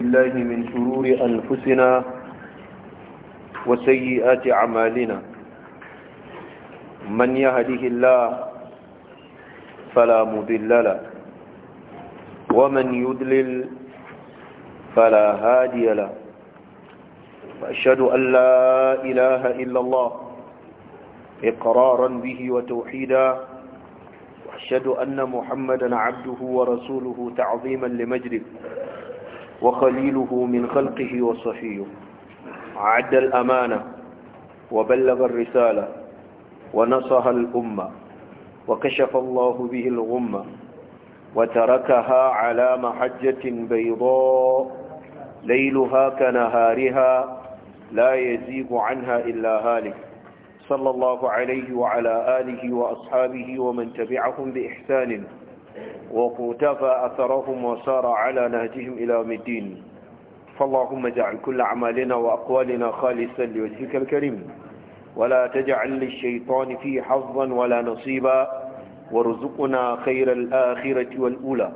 بالله من شرور أنفسنا وسيئات أعمالنا من يهده الله فلا مضل له ومن يضلل فلا هادي له وأشهد أن لا إله إلا الله إقرارا به وتوحيدا وأشهد أن محمدا عبده ورسوله تعظيما لمجده وخليله من خلقه وصفيه عد الأمانة وبلغ الرسالة ونصها الأمة وكشف الله به الغمة وتركها على محجة بيضاء ليلها كنهارها لا يزيب عنها إلا هالك صلى الله عليه وعلى آله وأصحابه ومن تبعهم بإحسان وقتفى أثرهم وسار على نهجهم إلى مدين فاللهم اجعل كل أعمالنا وأقوالنا خالصا لوجهك الكريم ولا تجعل للشيطان فيه حظا ولا نصيبا وارزقنا خير الآخرة والأولى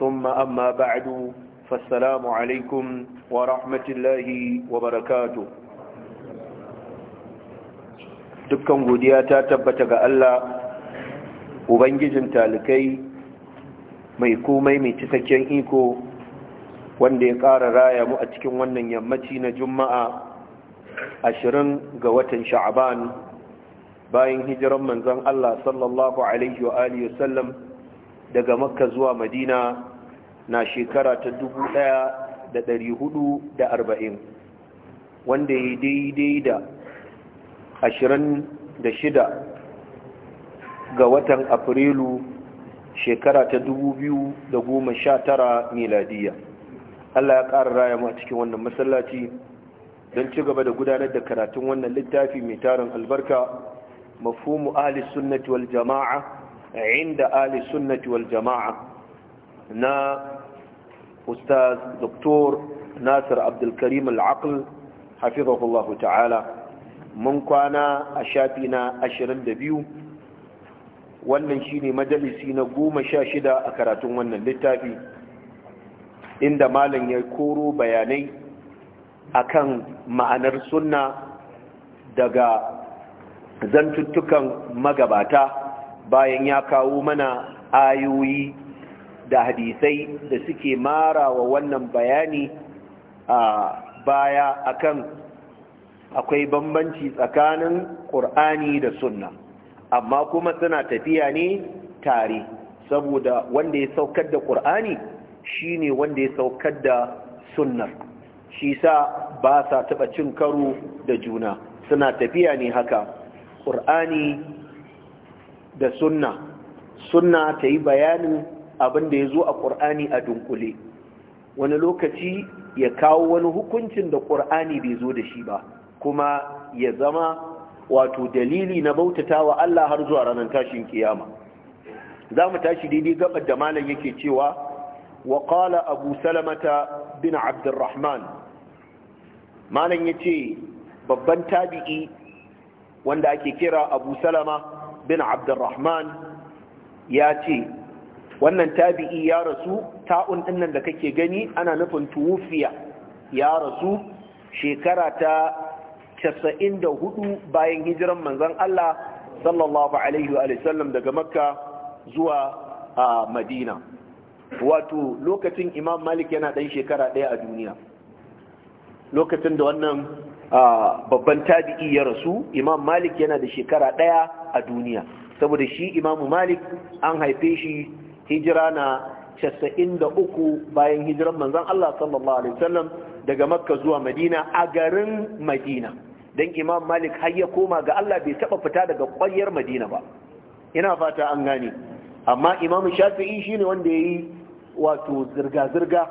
ثم أما بعد فالسلام عليكم ورحمة الله وبركاته تبكم godiya تبتغى الله ga Allah ubangijin talikai mai komai mai cikakken iko wanda ya ƙara raya mu a cikin wannan yammaci na juma'a ashirin ga watan sha'aban bayan hijiran manzan Allah sallallahu alaihi wa alihi wasallam daga makka zuwa madina na shekara ta dubu ɗaya da ɗari hudu da arba'in wanda ya daidai da ashirin da shida ga watan afrilu shekara ta 2019 miladiya Allah ya ƙara raya mu a cikin wannan masallaci don ci gaba da gudanar da karatun wannan littafi mai tarin albarka mafhumu ahli sunnati wal jama'a inda ahli sunnati wal jama'a na ustaz doktor nasir abdulkarim al'aql hafizahullahu ta'ala mun kwana a shafi na biyu. wannan shine majalisi na goma sha shida a karatun wannan littafi inda malam ya koro bayanai akan ma'anar sunna daga zantuttukan magabata bayan ya kawo mana ayoyi da hadisai da suke mara wa wannan bayani a baya akan akwai bambanci tsakanin ƙur'ani da sunna amma kuma suna tafiya ne tare saboda wanda ya saukar da ƙur'ani shine wanda ya saukar da sunnar shi sa ba sa taɓa cin karo da juna suna tafiya ne haka ƙur'ani da sunna sunna ta yi bayanin abin da ya zo a ƙur'ani a dunkule wani lokaci ya kawo wani hukuncin da ƙur'ani bai zo da shi ba kuma ya zama wato dalili na bautata wa Allah har zuwa ranar tashin kiyama za mu tashi daidai gabar da malam yake cewa wa qala abu salamata bin abdurrahman malam yace babban tabi'i wanda ake kira abu salama bin abdurrahman ya ce wannan tabi'i ya rasu ta'un ɗinnan da kake gani ana nufin tuwufiya ya rasu shekara ta casa'in da hudu bayan hijiran manzan Allah sallallahu alaihi wa sallam daga makka zuwa madina wato lokacin imam malik yana ɗan shekara ɗaya a duniya lokacin da wannan babban tabi'i ya rasu imam malik yana da shekara ɗaya a duniya saboda shi imamu malik an haife shi hijira na casa'in da uku bayan hijiran manzan Allah sallallahu Alaihi wasallam daga makka zuwa madina a garin madina dan imam malik har ya koma ga Allah bai taba fita daga ƙwayar madina ba ina fata an gane amma imam shafi'i shine wanda yayi wato zirga-zirga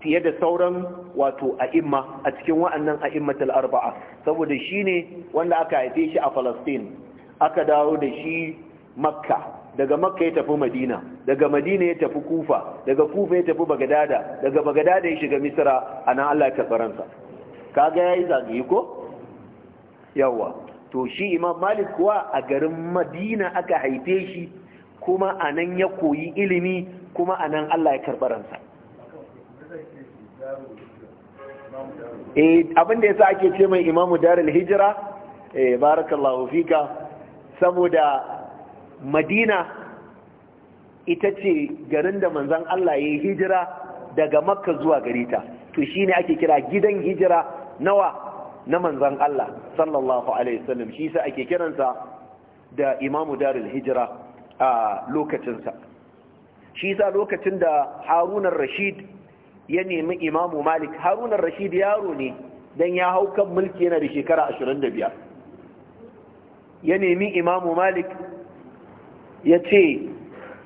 fiye da sauran wato a'imma a cikin wa'annan a'immatul arba'a saboda shine wanda aka haife shi a Palestine aka dawo da shi Makka daga Makka ya tafi Madina daga Madina ya tafi Kufa daga Kufa ya tafi bagadada daga bagadada ya shiga Misra anan Allah ya Ka kaga yayi zagaye ko yawa to shi imam malik kuwa a garin madina aka haife shi kuma a nan ya koyi ilimi kuma a nan allah ya karbaransa eh, abinda ya sa ake ce mai imamu darul hijira eh, barakallahu fika saboda madina ita ce garin da manzan allah ya yi hijira daga makka zuwa garita to shi ne ake kira gidan hijira nawa na manzan Allah sallallahu alaihi wasallam shi yasa ake kiransa da imamu darul hijira a lokacinsa shi yasa lokacin da harunan rashid ya nemi imamu malik harunan rashid yaro ne don ya hau kan mulki yana da shekara 25 ya nemi imamu malik ya ce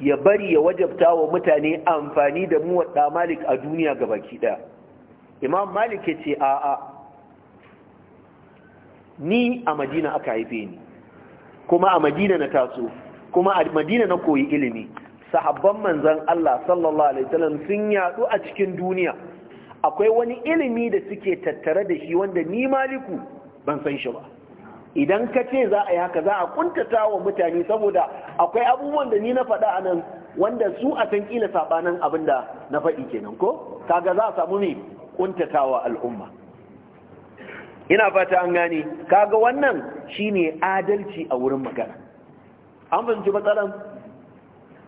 ya bari ya wajabta wa mutane amfani da muwadda malik a duniya gabaki daya imam malik ya ce a'a ni a madina aka haife ni kuma a madina na taso kuma a madina na koyi ilimi sahabban manzan Allah sallallahu alaihi wasallam sun yadu a cikin duniya akwai wani ilimi da suke tattare da shi wanda ni maliku ban san shi ba idan ka ce za a yi haka za a kuntata wa mutane saboda akwai abubuwan da ni na faɗa a nan wanda su a san kila sabanin abin da na faɗi kenan ko kaga za a samu ne kuntatawa al'umma ina fata an gane kaga wannan shine adalci a wurin magana an fahimci matsalan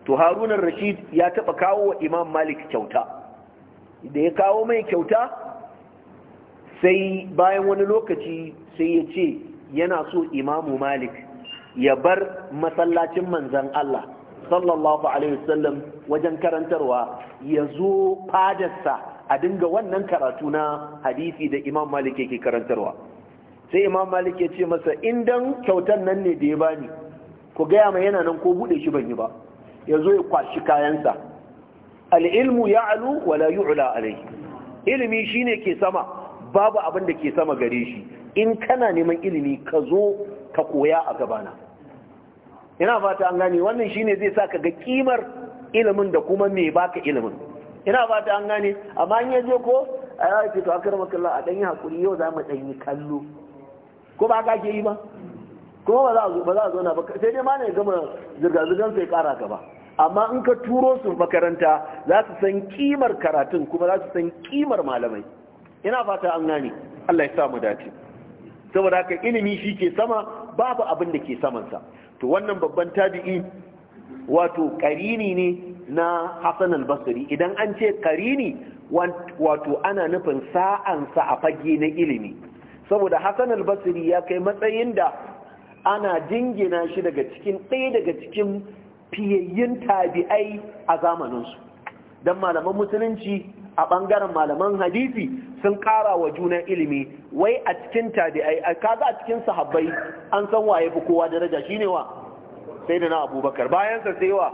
to harunan rashid ya taɓa kawo wa imam malik kyauta da ya kawo mai kyauta sai bayan wani lokaci sai ya ce yana so imamu malik ya bar masallacin manzan Allah sallallahu alaihi wasallam wajen karantarwa ya zo fadarsa a dinga wannan karatu na hadisi da imam malik yake karantarwa sai imam malik ya ce masa in indan kyautan nan ne da ya bani ku gaya ma yana nan ko buɗe shi ban yi ba ya zo ya kwashi kayansa al'ilmu ya alu wala yu'la alai ilimi shine ke sama babu abin da ke sama gare shi in kana neman ilimi ka zo ka koya a gabana ina fata an gane wannan shine zai sa ka ga kimar ilimin da kuma me baka ilimin ina ba ta an gane amma in ya je ko a yawa ce to akar makalla a ɗanyi hakuri yau za mu ɗanyi kallo ko ba ka ke yi ba kuma ba za a zo na ba sai dai ma ne gama zirga-zirgar sai kara gaba amma in ka turo su makaranta za su san kimar karatun kuma za su san kimar malamai ina fata an gane Allah ya samu dace saboda haka ilimi shi ke sama babu abin da ke samansa to wannan babban tabi'i wato karini ne na Hassan al-Basri idan an ce karini wato ana nufin sa'ansa a fage na ilimi saboda Hassan al-Basri ya kai matsayin da ana jingina shi daga cikin ɗaya daga cikin fiyayyun tabi'ai a zamaninsu don malaman musulunci a bangaren malaman hadisi sun ƙara wa juna ilimi wai a cikin tabi'ai kaga a cikin sahabbai an san waye fi kowa daraja shine wa sai da na abubakar bayansa sai wa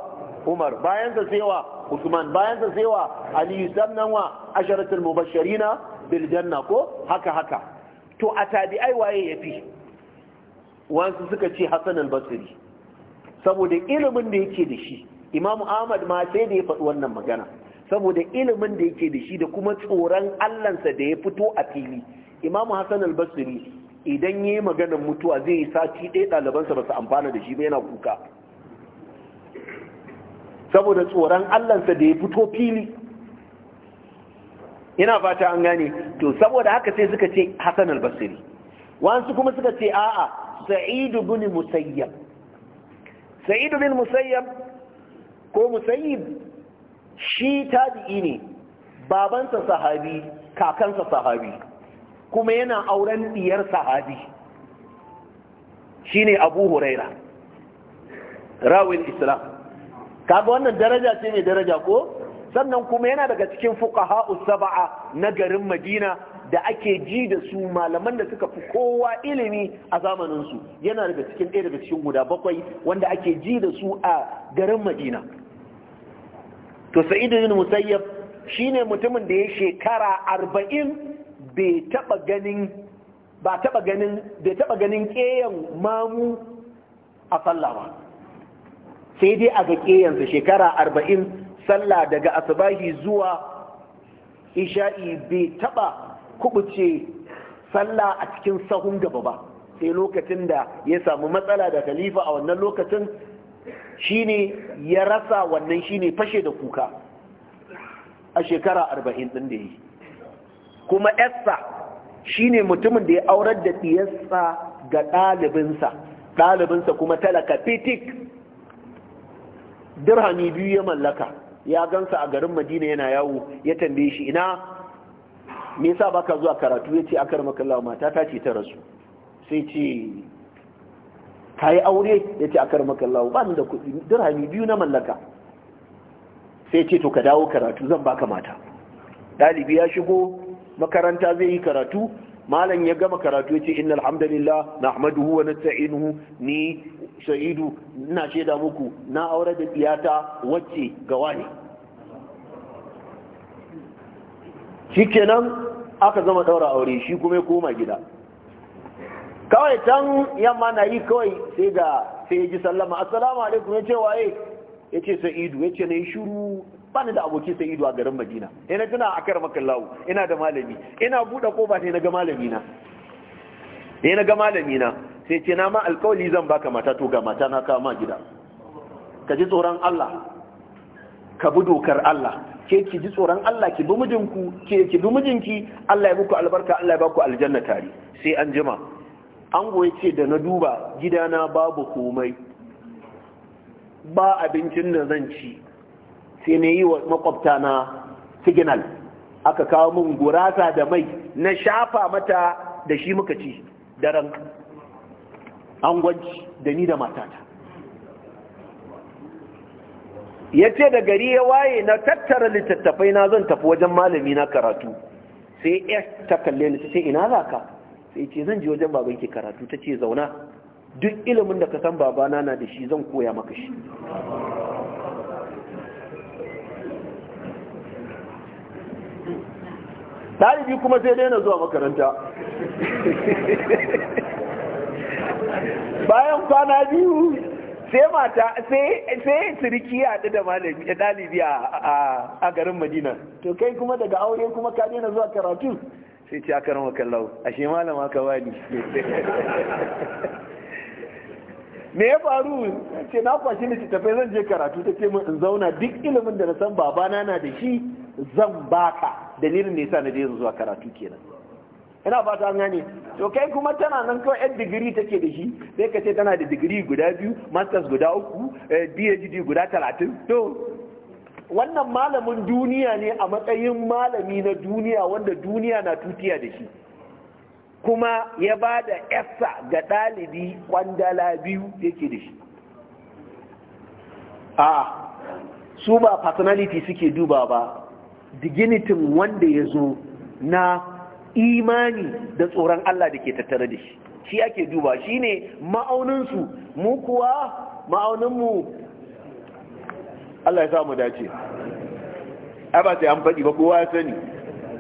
umar bayansa sai wa usman bayansa sai wa aliyu sannan wa asharatul mubashirina bil janna ko haka haka to a tabi'ai waye yafi wansu suka ce hasan al-basri saboda ilimin da yake da shi imamu ahmad ma sai da ya faɗi wannan magana saboda ilimin da yake da shi da kuma tsoron allansa da ya fito a fili imamu hasan al-basri idan ya yi maganar mutuwa zai yi sati ɗaya ɗalibansa ba su amfana da shi ba yana kuka saboda tsoron allansa da ya fito fili ina fata an gane to saboda haka sai suka ce hasan albasiri wasu kuma suka ce a'a sa'idu bin musayyab sa'idu bin musayyab ko musayyib shi tabi'i ne babansa sahabi kakansa sahabi kuma yana auren diyar sahabi shine abu huraira rawin islam kaga wannan daraja ce mai daraja ko sannan kuma yana daga cikin fuqaha saba'a na garin Madina da ake ji da su malaman da suka fi kowa ilimi a zamanin su yana daga cikin ɗaya daga cikin guda bakwai wanda ake ji da su a garin Madina to Sa'id bin Musayyab shine mutumin da ya shekara arba'in bai taba ganin ba taba ganin bai taba ganin mamu a sallah ba sai dai a gaƙe yanzu shekara arba'in sallah daga asubahi zuwa isha'i bai taɓa kubuce sallah a cikin sahun gaba ba sai lokacin da ya samu matsala da khalifa a wannan lokacin shine ya rasa wannan shine fashe da kuka a shekara arba'in ɗin da yi kuma yarsa shine mutumin da ya aurar da ɗiyarsa ga ɗalibinsa ɗalibinsa kuma talaka fitik dirhami biyu ya mallaka ya gansa a garin madina yana yawo ya tambaye shi ina me yasa baka zuwa karatu ya ce akar makallawa mata ta ce ta rasu sai ce ka yi aure ya ce akar kallawa ba ni da kuɗi dirhami biyu na mallaka sai ce to ka dawo karatu zan baka mata ɗalibi ya shigo makaranta zai yi karatu malam ya gama karatu ya ce inna alhamdulillah na ahmadu wa nasta'inuhu ni shahidu ina shaida muku na aure da ta wacce gawa ne kenan aka zama daura aure shi kuma koma gida kawai can yamma na yi kawai sai ga sai ji sallama assalamu alaikum ya ce waye ya ce sa'idu ya ce na yi shuru bani da aboki sa'idu a garin madina ina tuna a kar makallahu ina da malami ina buɗe ba sai na ga malami na ga malami na sai ce na ma alkawali zan baka mata to ga mata na kama gida ka ji tsoron Allah ka bi dokar Allah ke ki ji tsoron Allah ki bi mijinku ke ki bi mijinki Allah ya muku albarka Allah ya baku aljanna tare sai an jima an goye ce da na duba gidana babu komai ba abincin da zan ci sai na yi wa makwabta na signal aka kawo min gurasa da mai na shafa mata da shi muka ci daren an angwanci da ni da matata ya ce da gari ya waye na tattara littattafai na zan tafi wajen malami na karatu sai ya ta kalle ni ta ce ina za ka sai ce zan je wajen baban ke karatu ta ce zauna duk ilimin da ka san babana na da shi zan koya maka shi ɗalibi kuma sai dai na zuwa makaranta bayan kwana biyu sai mata sai siriki ya haɗu da ɗalibi a garin madina to kai kuma daga aure kuma ka daina zuwa karatu sai ce aka rama ashe malama ka bani me ya faru ce na kwashi tafai zan je karatu ta ce min in zauna duk ilimin da na san babana na da shi zan baka dalilin ne yasa na je zuwa karatu kenan ina fata gane to kai kuma tana nan kawai yan digiri take da shi sai ka ce tana da digiri guda biyu masters guda uku eh, phd guda talatin to wannan malamin duniya ne a matsayin malami na duniya wanda duniya na tutiya da shi kuma ya ba da yasa ga ɗalibi kwandala biyu yake da shi a su ba personality suke duba ba diginitin wanda ya zo na imani da tsoron Allah da ke tattare da shi shi ake duba shi ne ma'auninsu mu kuwa ma'auninmu Allah ya samu dace Ya ba sai an faɗi ba kowa ya sani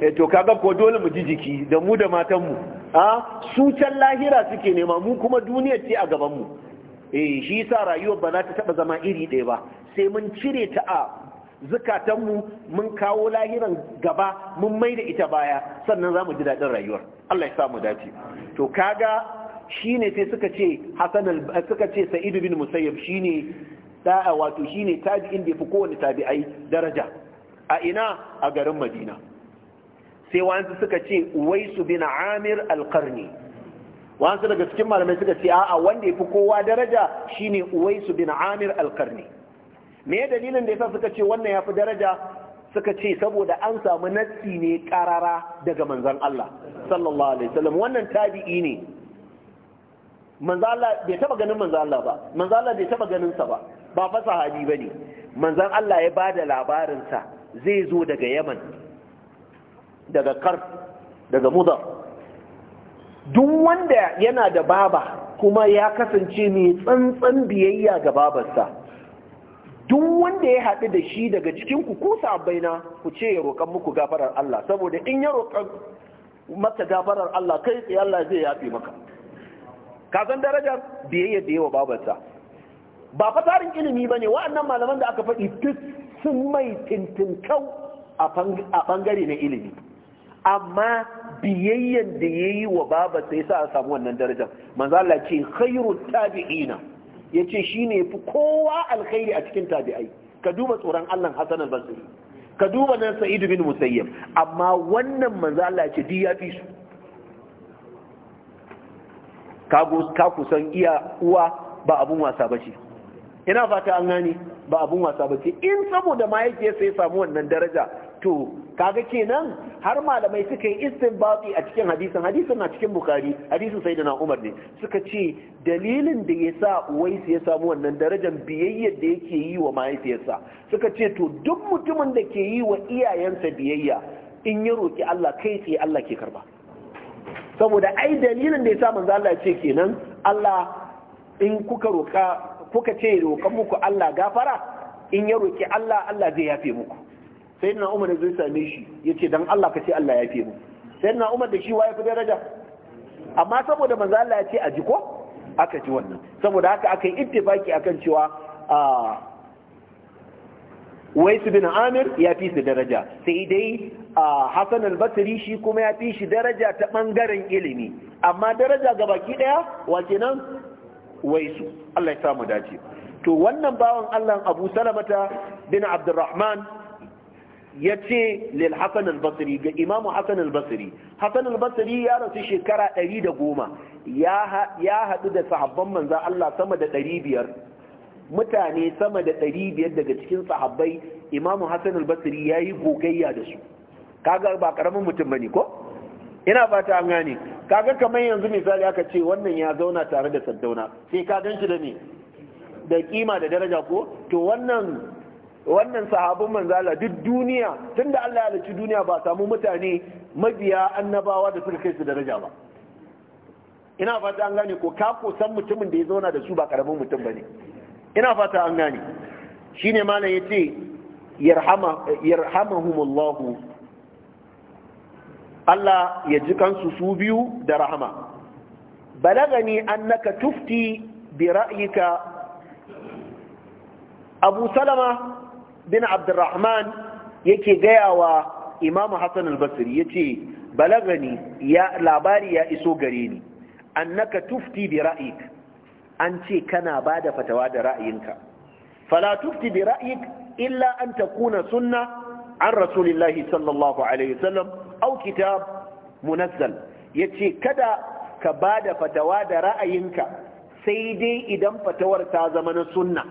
e to kaga ko dole mu ji jiki da mu da matanmu a su can lahira suke nema mu kuma duniyar ce a gabanmu e shi yasa rayuwar ba za ta taɓa zama iri ɗaya ba sai mun cire ta a zukatanmu mun kawo lahiran gaba mun mai da ita baya sannan za mu ji daɗin rayuwar Allah ya sa mu dace to kaga ne sai suka ce Hassan suka ce Sa'idu bin Musayyab ne da'a wato shi ne tabi inda ya fi kowanne tabi'ai daraja a ina a garin Madina sai wa'ansu suka ce Uwaisu bin Amir al-Qarni wa'ansu daga cikin malamai suka ce a'a wanda ya fi kowa daraja shi shine Uwaisu bin Amir alkarni me dalilin da ya sa suka ce wannan ya fi daraja suka ce saboda an samu nassi ne karara daga manzon Allah sallallahu alaihi wasallam wannan tabi'i ne manzon Allah bai taba ganin manzon Allah ba manzon Allah bai taba ganin sa ba ba fa sahabi bane manzon Allah ya bada labarin sa zai zo daga Yaman daga Kar daga Muda duk wanda yana da baba kuma ya kasance mai tsantsan biyayya ga babarsa duk wanda ya haɗu da shi daga cikin ku ku na ku ce ya roƙan muku gafarar Allah saboda in ya roƙan maka gafarar Allah kai tsaye Allah zai yafi maka ka san darajar biyayya da yawa babarsa ba fasarin ilimi ba ne wa'annan malaman da aka faɗi duk sun mai tintinkau a bangare na ilimi amma biyayyan da ya yi wa babarsa ya sa a samu wannan darajar manzo Allah ce khairu tabi'ina ya ce shi ne fi kowa alkhairi a cikin tabi'ai ka duba tsoron Allah Hassan al-Basri ka duba nan Sa'id bin Musayyib amma wannan manzo Allah ya ce di ya fi su ka kusan iya uwa ba abun wasa bace ina fata an gane ba abun wasa bace in saboda ma yake sai samu wannan daraja to kaga kenan har malamai suka yi istinbati a cikin hadisin hadisin na cikin bukari hadisin sayyidina umar ne suka ce dalilin da ya sa su ya samu wannan darajar biyayyar da yake yi wa mahaifiyarsa suka ce to duk mutumin da ke yi wa iyayensa biyayya in ya roki Allah kai tsaye Allah ke karba saboda ai dalilin da ya sa manzo Allah ce kenan Allah in kuka roka kuka ce roƙan muku Allah gafara in ya roki Allah Allah zai yafe muku sai na umar zai same shi ya ce don Allah ka ce Allah ya fi mu sai na umar da shi wa ya fi daraja amma saboda manzo Allah ya ce a ji ko aka ji wannan saboda haka aka yi ittifaki akan cewa a su bin Amir ya fi su daraja sai dai a Hassan al-Basri shi kuma ya fi shi daraja ta bangaren ilimi amma daraja ga baki daya nan? Wai su. Allah ya samu dace to wannan bawan Allah Abu Salamata bin Abdurrahman ya ce lil hasan al-basri ga imamu hasan al-basri hasan al-basri ya rasu shekara 110 ya haɗu da sahabban manzan Allah sama da 500 mutane sama da 500 daga cikin sahabbai imamu hasan al-basri ya yi gogayya da su kaga ba karamin mutum bane ko ina fata an gane kaga kamar yanzu misali aka ce wannan ya zauna tare da saddauna sai ka ganshi da me da kima da daraja ko to wannan wannan sahabin manzala duk duniya tunda Allah ya halicci duniya ba samu mutane mabiya annabawa da suka kai su daraja ba ina fata an gane ko ka san mutumin da ya zauna da su ba karamin mutum bane ina fata an gane shine malam yace yarhama yarhamahumullahu Allah ya ji kansu su biyu da rahama balagani annaka tufti bi ra'yika Abu Salama bin abdurrahman yake gaya wa imamu hassan al-basri ya ce balagani ya labari ya iso gare ni annaka tufti bi ra'ik an ce kana ba da fatawa da ra'ayinka fala tufti bi ra'ik illa an takuna sunna an rasulillahi sallallahu alaihi wasallam au kitab munazzal yace kada ka ba da fatawa da ra'ayinka sai dai idan fatawar ta zama na sunna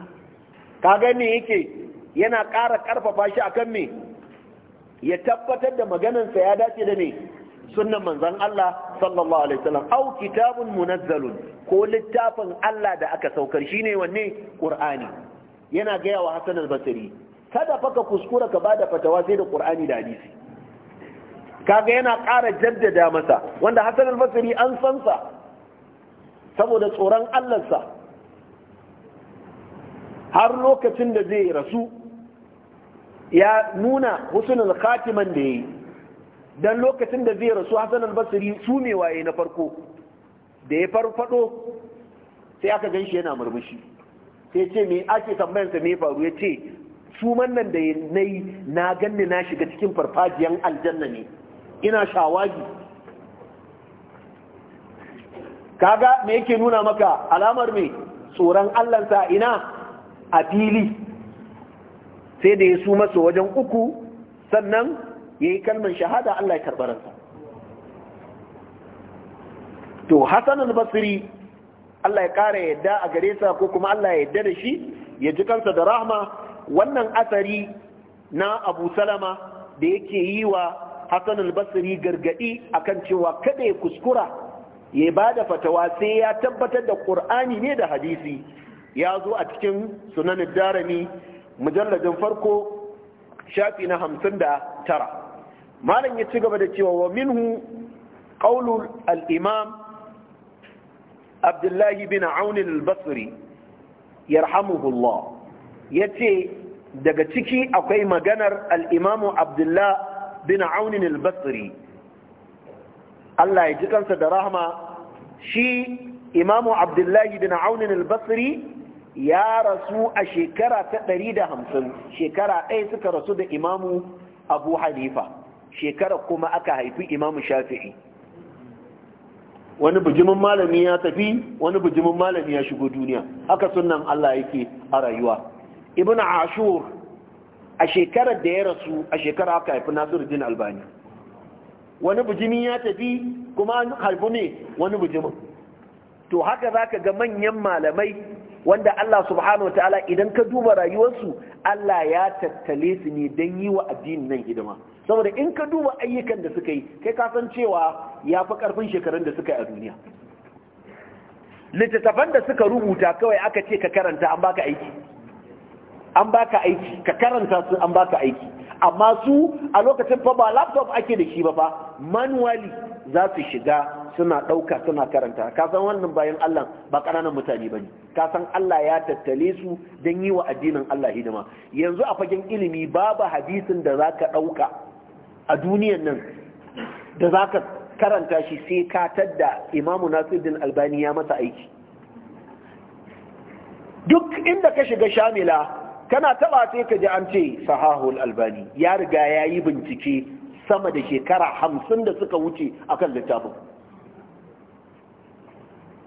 kaga ne yake yana ƙara ƙarfafa shi akan me ya tabbatar da maganansa ya dace da me sunnan manzon Allah sallallahu alaihi wasallam au kitabun munazzalun ko littafin Allah da aka saukar shine wanne Qur'ani yana gaya wa Hassan al-Basri kada ka kuskura ka bada fatawa sai da Qur'ani da hadisi kaga yana ƙara jaddada masa wanda Hassan al-Basri an san sa saboda tsoron Allah sa har lokacin da zai rasu ya nuna husnul khatiman da yayi dan lokacin da zai rasu Hassan al-Basri su ne waye na farko da ya farfado sai aka ganshi yana murmushi sai ce me ake tambayar sa me faru Ya ce su nan da nayi na ganni na shiga cikin farfajiyan aljanna ne ina shawagi kaga me yake nuna maka alamar me tsoron Allah sa ina a fili sai da ya su masu wajen uku sannan ya yi kalmar shahada Allah ya karbaransa to hassan al Allah ya ƙara yadda a gare sa ko kuma Allah ya yadda da shi ya ji kansa da rahama wannan asari na abu salama da yake yi wa hassan al-basri gargaɗi kan cewa kada ya kuskura ya ba da fatawa sai ya tabbatar da ƙur'ani ne da hadisi ya zo a cikin sunanin darami mujalladin farko shafi na hamsin da tara malam ya ci gaba da cewa wa minhu ƙaunar al’imam abdullahi bin aunin al-basri ya Ya ce daga ciki akwai maganar al’imamu Abdullahi bin aunin al-basri Allah ya ji kansa da rahama shi imamu abdullahi bin aunin al-basri ya rasu a shekara ta ɗari da hamsin shekara ɗaya suka rasu da imamu abu hanifa shekara kuma aka haifi imamu shafi'i wani bijimin malami ya tafi wani bijimin malami ya shigo duniya haka sunan Allah yake a rayuwa ibn ashur a shekarar da ya rasu a shekara aka haifi nasiruddin albani wani bijimin ya tafi kuma an haifi ne wani bijimin to haka zaka ga manyan malamai wanda Allah subhanahu wataala idan ka duba rayuwarsu Allah ya tattale su ne don yi wa addinin nan hidima saboda in ka duba ayyukan da suka yi kai ka san cewa ya fi karfin shekarun da suka yi a duniya littattafan da suka rubuta kawai aka ce ka karanta an baka aiki an baka aiki ka karanta su an baka aiki amma su a lokacin fa ba laptop ake da shi ba fa manually za su shiga suna ɗauka suna karanta ka san wannan bayan Allah ba ƙananan mutane ba ne ka san Allah ya tattale su don yi wa addinin Allah hidima yanzu a fagen ilimi babu hadisin da za ka ɗauka a duniyan nan da za ka karanta shi sai ka tadda imamu nasiruddin albani ya masa aiki duk inda ka shiga shamila kana taba sai ka ji an ce sahahul albani ya riga ya yi bincike sama da shekara hamsin da suka wuce akan littafin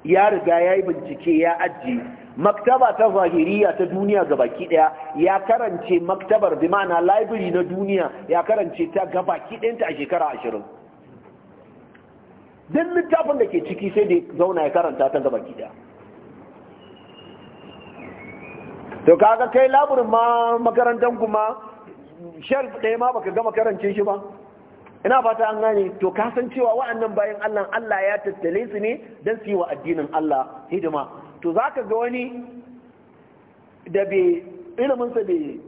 ya riga ya yi bincike ya ajiye maktaba ta zahiriya ta duniya gabaki daya ya karance maktabar bi ma'ana library na duniya ya karance ta gabaki ɗayanta a shekara ashirin duk littafin da ke ciki sai da zauna ya karanta ta gabaki daya to kaga kai laburin ma makarantar kuma shelf ɗaya ma baka gama karance shi ba ina fata an gani. to ka san cewa wa'annan bayan Allah Allah ya tattale su ne don su yi wa addinin Allah hidima to za ka ga wani da bai iliminsa bai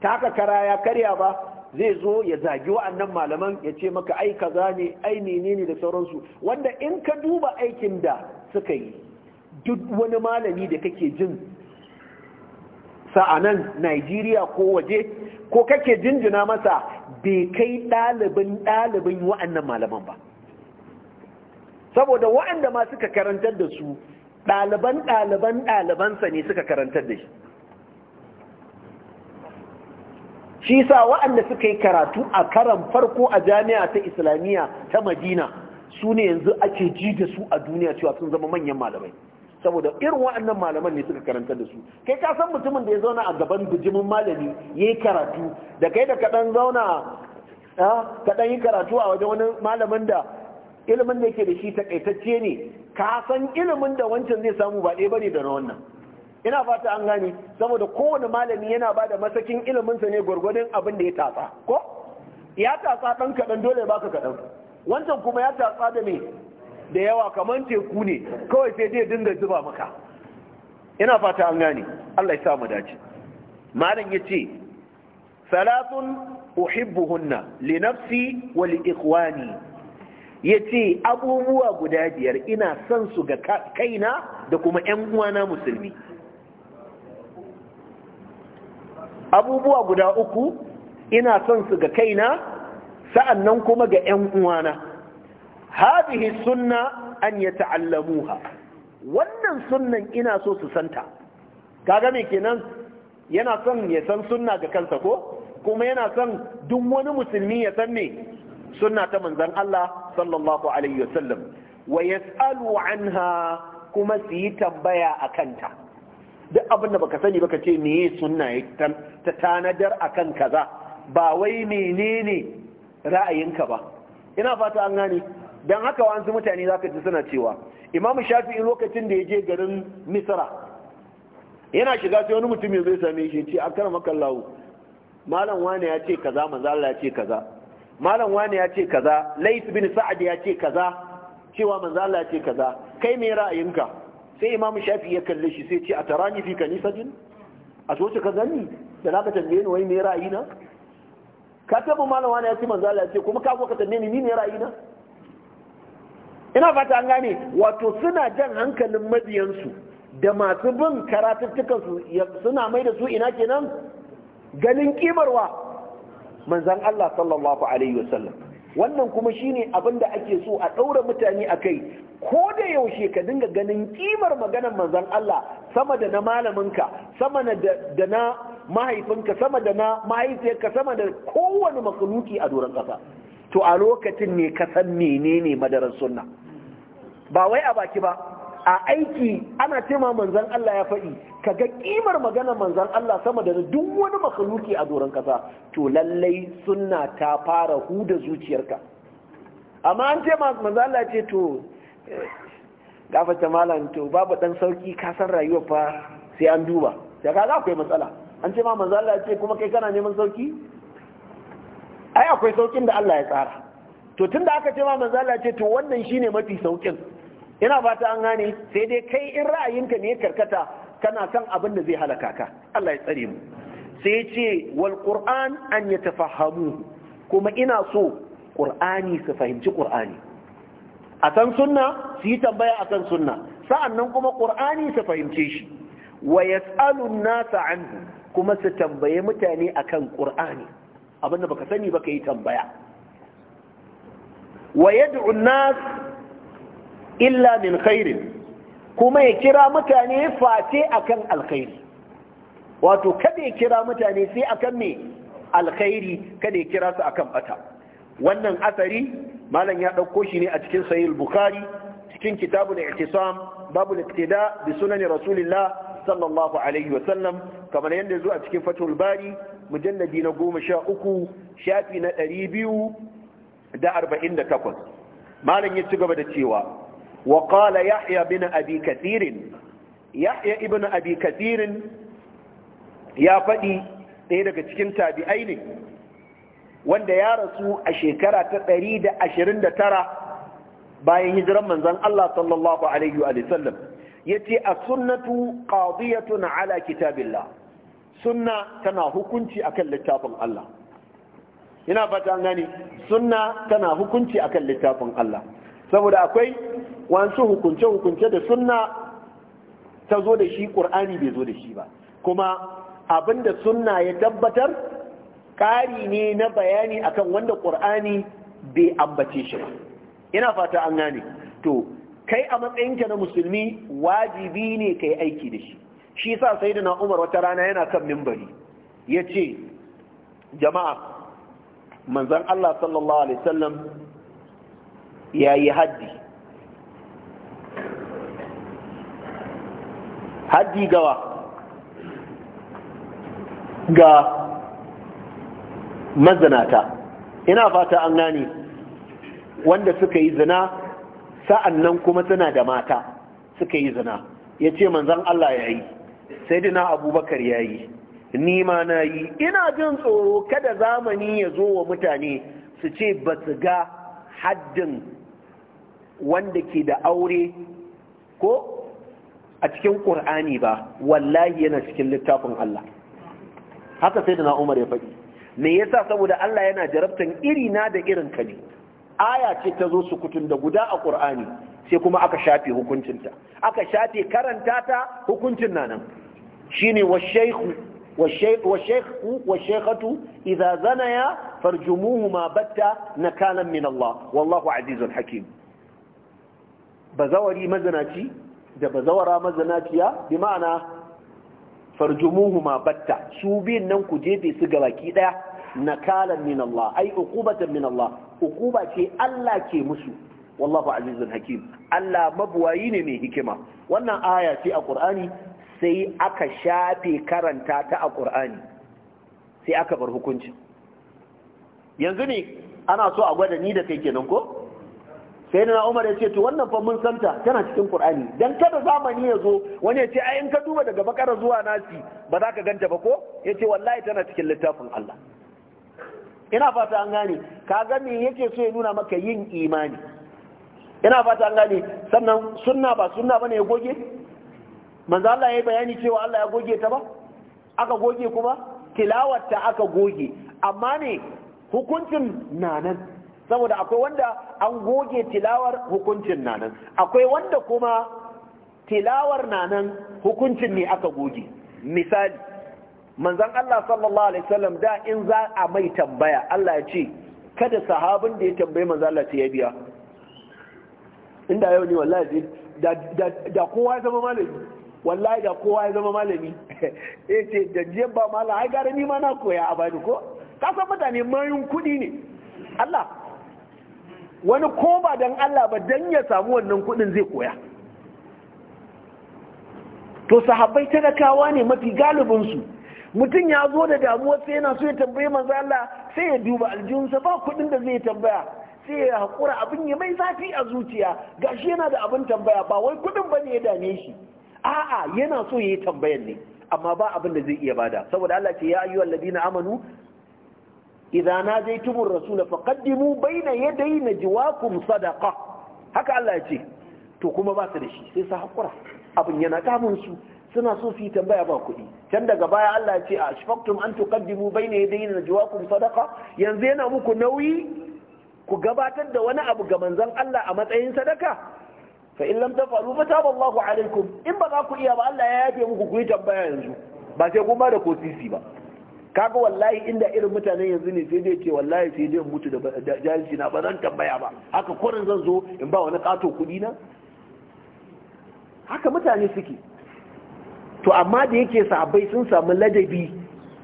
taka kara ya karya ba zai zo ya zagi wa'annan malaman ya ce maka ai kaza ne ai menene da sauransu wanda in ka duba aikin da suka yi duk wani malami da kake jin sa'anan Najeriya ko waje ko kake jinjina masa bai kai ɗalibin ɗalibin wa'annan malaman ba saboda wa'anda ma suka karantar da su ɗaliban ɗaliban ɗalibansa ne suka karantar da shi shi sa wa'anda suka yi karatu a karan farko a jami'a ta islamiyya ta madina su ne yanzu ake ji da su a duniya cewa sun zama manyan malamai saboda irin waɗannan malaman ne suka karanta da su kai ka san mutumin da ya zauna a gaban bijimin malami ya yi karatu da kai da kaɗan zauna kaɗan yi karatu a wajen wani malamin da ilimin da yake da shi takaitacce ne ka san ilimin da wancan zai samu ba ɗaya bane da na wannan ina fata an gane saboda kowane malami yana ba da masakin iliminsa ne gwargwadon abin da ya tatsa ko ya tatsa ɗan kaɗan dole baka kaɗan wancan kuma ya tatsa da me da yawa kamar teku ne kawai sai dai dinga zuba maka ina fata an gani. Allah ya sa mu dace malam yace salatun uhibbuhunna li nafsi wa li ikhwani yace abubuwa guda biyar ina son su ga kaina da kuma ƴan uwana musulmi abubuwa guda uku ina son su ga kaina sa'annan kuma ga ƴan uwana hadhihi sunna an yata'allamuha wannan sunnan ina so su santa kaga me kenan yana son ya san sunna ga kansa ko kuma yana son duk wani musulmi ya san me sunna ta manzon Allah sallallahu alaihi wasallam wa yas'alu anha kuma su yi tambaya a kanta duk abin da baka sani baka ce meye sunna ta tanadar akan kaza ba wai menene ra'ayinka ba ina fata an gane don haka su mutane za ka ji suna cewa shafi shafi'i lokacin da ya je garin misra yana shiga sai wani mutum ya zai same shi ce akar makallahu malam wani ya ce kaza manzala ya ce kaza malam wani ya ce kaza lais bin sa'ad ya ce kaza cewa manzala ya ce kaza kai me ra'ayinka sai Imam shafi'i ya kalle shi sai ce a tarani fi kanisatin a so ka zanni da na ka tambaye ni wai me ra'ayina ka taba malam wani ya ce manzala ya ce kuma ka ka tambaye ni ni me ra'ayina ina fata an gane wato suna jan hankalin mabiyansu da masu bin karatuttukansu suna mai da su ina kenan ganin kimarwa manzan Allah sallallahu alaihi wasallam wannan kuma shine abin da ake so a ɗaura mutane a kai ko da yaushe ka dinga ganin kimar maganar manzan Allah sama da na malaminka sama da na mahaifinka sama da na mahaifiyarka sama da kowane makaluki a doron ƙasa to a lokacin ne ka san menene madarar sunna ba wai a baki ba a aiki ana cema manzan Allah ya faɗi kaga kimar maganar manzan Allah sama da duk wani makaluki a doron kasa to lallai sunna ta fara huda zuciyarka amma an ce manzan Allah ce to eh, gafata malam to babu dan sauki ka san rayuwa fa sai an duba sai ga akwai matsala an ce ma manzan Allah ce kuma kai kana neman sauki ai akwai saukin da Allah ya tsara to tunda aka ce ma manzan Allah ce to wannan shine mafi saukin ina ta an gane sai dai kai in ra'ayinka ne karkata kana kan abin da zai halaka ka Allah ya tsare mu sai ce wal qur'an an yatafahamu kuma ina so qur'ani su fahimci qur'ani a san sunna su yi tambaya a kan sunna sa'annan kuma qur'ani su fahimce shi wa an nasa anhu kuma su tambaye mutane akan qur'ani abinda baka sani baka yi tambaya wa yad'u nas illa min khairin kuma ya kira mutane face akan alkhairi wato kada ya kira mutane sai akan me alkhairi kada ya kira su akan bata wannan asari malam ya ɗauko shi ne a cikin sahih bukhari cikin kitabul i'tisam babul iqtida bi sunani rasulillah sallallahu alaihi wa sallam kamar yadda zuwa cikin fatul bari mujalladi na goma sha uku shafi na ɗari biyu da arba'in da takwas malam ya ci gaba da cewa wa yahya bin abi kathir yahya ibn abi kathir ya faɗi ɗaya daga cikin tabi'ai ne wanda ya rasu a shekara ta ɗari da da ashirin tara bayan hijiran manzon Allah sallallahu alaihi wa sallam yace as-sunnatu qadiyatun ala kitabillah sunna tana hukunci akan littafin Allah ina fata gani sunna tana hukunci akan littafin Allah saboda akwai Wasu hukunce-hukunce da sunna ta zo da shi ƙur'ani bai zo da shi ba kuma abin da sunna ya tabbatar ƙari ne na bayani akan wanda ƙur'ani bai ambace shi ba ina fata an gane to kai a matsayinka na musulmi wajibi ne ka yi aiki da shi shi sa sai da umar wata rana yana kan mimbari ya ce jama'a manzan allah sallallahu alaihi Sallam, ya yi haddi haddi gawa ga mazanata ina fata an gani wanda suka yi zina sa'an nan kuma suna da mata suka yi zina ya ce manzan Allah ya yi sai dina abubakar ya yi ma na yi ina jin tsoro kada zamani ya zo wa mutane su ce ba su ga haddin wanda ke da aure ko a cikin ƙur'ani ba wallahi yana cikin littafin Allah haka sai da na Umar ya faɗi me yasa saboda Allah yana jarabtan iri na da irin ka ne aya ce ta zo su da guda a ƙur'ani sai kuma aka shafe hukuncinta aka shafe karanta ta hukuncin nan shine wa shaykhu wa shaykhu shaykhatu idza zanaya farjumuhuma batta nakalan min Allah wallahu azizun hakim bazawari mazanaci da bazawara mazanaciya bi ma'ana farjumuhuma batta su biyan nan ku jefe su ga baki daya nakalan min Allah ai uqubatan min Allah uquba ce Allah ke musu wallahu azizun hakim Allah mabuwayi ne mai hikima wannan aya ce a Qur'ani sai aka shafe karanta ta a Qur'ani sai aka bar hukunci yanzu ne ana so a gwada ni da kai kenan ko sai na umar ya ce to wannan fa mun santa tana cikin qur'ani dan kada zamani ya zo wani ya ce ai in ka duba daga bakara zuwa nasi ba za ka ganta ba ko ya ce wallahi tana cikin littafin Allah ina fata an gane kaga me yake so ya nuna maka yin imani ina fata an gane sannan sunna ba sunna bane ya goge manzo Allah ya yi bayani cewa Allah ya goge ta ba aka goge kuma tilawar ta aka goge amma ne hukuncin nanan saboda akwai wanda an goge tilawar hukuncin nanan akwai wanda kuma tilawar nanan hukuncin ne aka goge misali manzon Allah sallallahu alaihi wasallam da in za a mai tambaya Allah ya ce kada sahabin da ya tambaye manzon Allah ya biya inda yau ne wallahi da da kowa zama malami wallahi da kowa ya zama malami eh ce da jiyan ba malami ai gara ni ma na koya a bani ko ka san mutane mayun kudi ne Allah wani ko ba don Allah ba don ya samu wannan kudin zai koya to sahabbai kawa ne mafi galibinsu mutum ya zo da damuwa sai yana so ya tambaye maza Allah sai ya duba aljihunsa ba kudin da zai tambaya sai ya haƙura abin ya mai zafi a zuciya gashi yana da abin tambaya ba wai kudin ba ne ya dame shi a'a yana so ya yi tambayan ne amma ba abin da zai iya bada saboda Allah ce ya ayyuwa ladina amanu idza najaytumur rasul faqaddimu bayna yaday najwaakum sadaqa haka Allah ya ce to kuma ba su da shi sai su hakura abin yana damun su suna so su yi tambaya ba kuɗi can daga baya Allah ya ce a shafaktum an tuqaddimu bayna yaday najwaakum sadaqa yanzu yana muku nauyi ku gabatar da wani abu ga manzon Allah a matsayin sadaka fa in lam tafalu fa taballahu alaikum in ba za ku iya ba Allah ya yafe muku ku yi tambaya yanzu ba sai kuma ba da kosisi ba kaga wallahi inda irin mutane yanzu ne sai dai ce wallahi sai dai mutu da jahilci na ba zan tambaya ba haka kurin zan zo in ba wani kato kudi na haka mutane suke to amma da yake sahabbai sun samu ladabi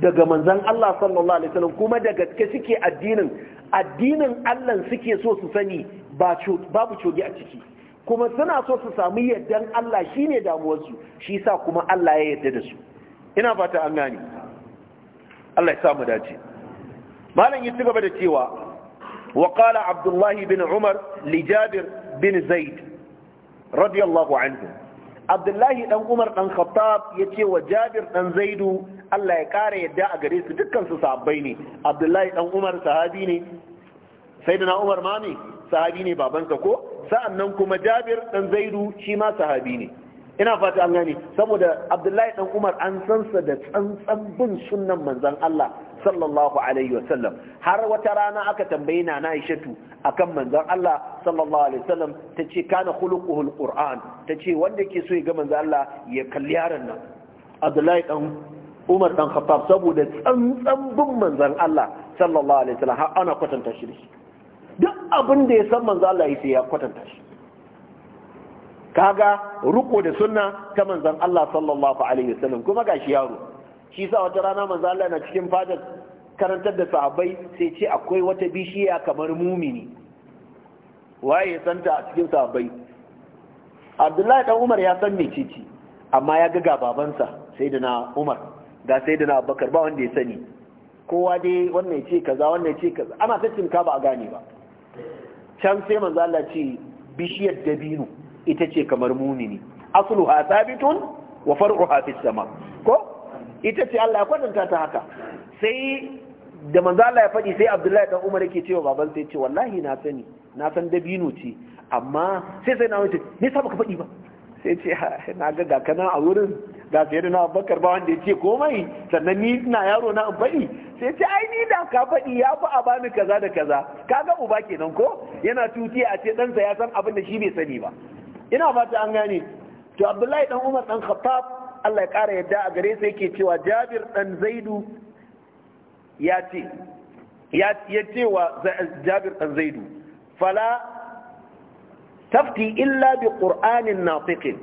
daga manzan Allah sallallahu alaihi wasallam kuma da gaske suke addinin addinin Allah suke so su sani babu cogi a ciki kuma suna so su samu yaddan Allah shine damuwarsu shi sa kuma Allah ya yarda da su ina fata an gane Allah ya samu dace malam ya gaba da cewa wa qala abdullahi bin umar li jabir bin zaid radiyallahu anhu abdullahi dan umar dan khattab ya ce wa jabir dan zaidu Allah ya kara yadda a gare su dukkan su sahabbai ne abdullahi dan umar sahabi ne sayyidina umar ma sahabi ne babansa ko sa'annan kuma jabir dan zaidu shi ma sahabi ne ina fata an gane saboda abdullahi dan umar an san sa da tsantsan bin sunnan manzon Allah sallallahu alaihi wasallam har wata rana aka tambaye na na Aishatu akan manzon Allah sallallahu alaihi wasallam tace kana khuluquhul qur'an tace wanda ke so ya ga manzon Allah ya kalli yaron nan abdullahi dan umar dan khattab saboda tsantsan bin manzon Allah sallallahu alaihi wasallam har ana kwatanta shi duk abin da ya san manzon Allah sai ya kwatanta shi kaga ruko da sunna ta manzon Allah sallallahu alaihi wasallam kuma gashi yaro shi sa wata rana manzon Allah na cikin fadar karantar da sahabbai sai ce akwai wata bishiya kamar mumini waye ya santa a cikin sahabbai Abdullahi dan Umar ya san mecece amma ya ga babansa sayyidina Umar da sayyidina Abubakar ba wanda ya sani kowa dai wannan ce kaza wannan ce kaza ana tattin ka ba a gane ba can sai manzo Allah ce bishiyar dabino ita ce kamar mumini ha sabitun wa far'uha fis sama ko ita ce Allah ya kwatanta ta haka sai da manzo Allah ya faɗi sai Abdullahi dan Umar yake cewa baban sai ce wallahi na sani na san dabino ce amma sai sai na wuce me yasa baka faɗi ba sai ce na ga ga a wurin da sai da na Abubakar ba wanda ce komai sannan ni ina yaro na faɗi sai ce ai ni da ka faɗi ya fi a bani kaza da kaza kaga uba kenan ko yana tuti a ce ɗansa ya san abin da shi bai sani ba ina fata an gane to abdullahi dan umar dan khattab Allah ya kara yadda a gare sa yake cewa jabir dan zaidu ya ce ya ce wa jabir dan zaidu fala tafti illa bi qur'anin natiqin